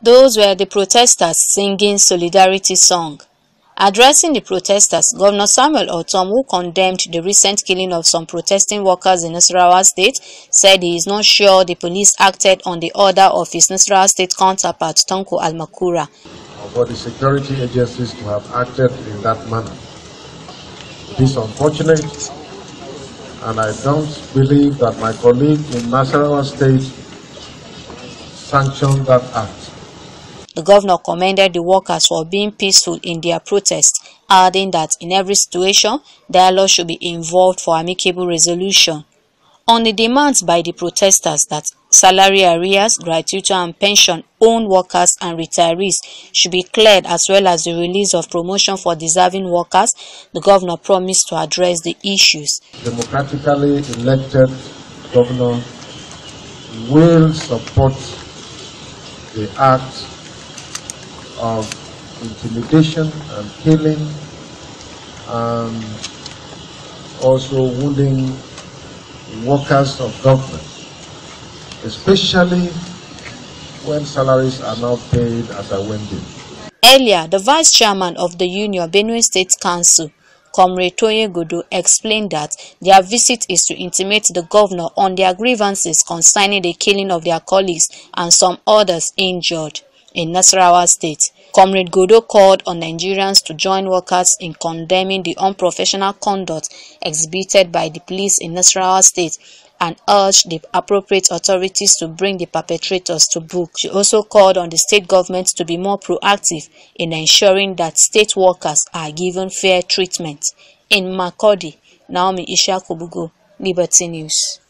Those were the protesters singing solidarity song. Addressing the protesters, Governor Samuel Otom, who condemned the recent killing of some protesting workers in Nasarawa State, said he is not sure the police acted on the order of his Nasarawa State counterpart, Tonko Almakura. For the security agencies to have acted in that manner. It is unfortunate, and I don't believe that my colleague in Nasarawa State sanctioned that act. The governor commended the workers for being peaceful in their protest, adding that in every situation, dialogue should be involved for amicable resolution. On the demands by the protesters that salary arrears, gratuity and pension, owned workers and retirees should be cleared as well as the release of promotion for deserving workers, the governor promised to address the issues. Democratically elected governor will support the act of intimidation and killing and also wounding workers of government, especially when salaries are not paid as I went in. Earlier, the vice chairman of the Union Benue State Council, Comrade Toye Gudu, explained that their visit is to intimate the governor on their grievances concerning the killing of their colleagues and some others injured in Nasarawa State. Comrade Godo called on Nigerians to join workers in condemning the unprofessional conduct exhibited by the police in Nasarawa state and urged the appropriate authorities to bring the perpetrators to book. She also called on the state government to be more proactive in ensuring that state workers are given fair treatment. In Makodi, Naomi Ishakubugo, Liberty News.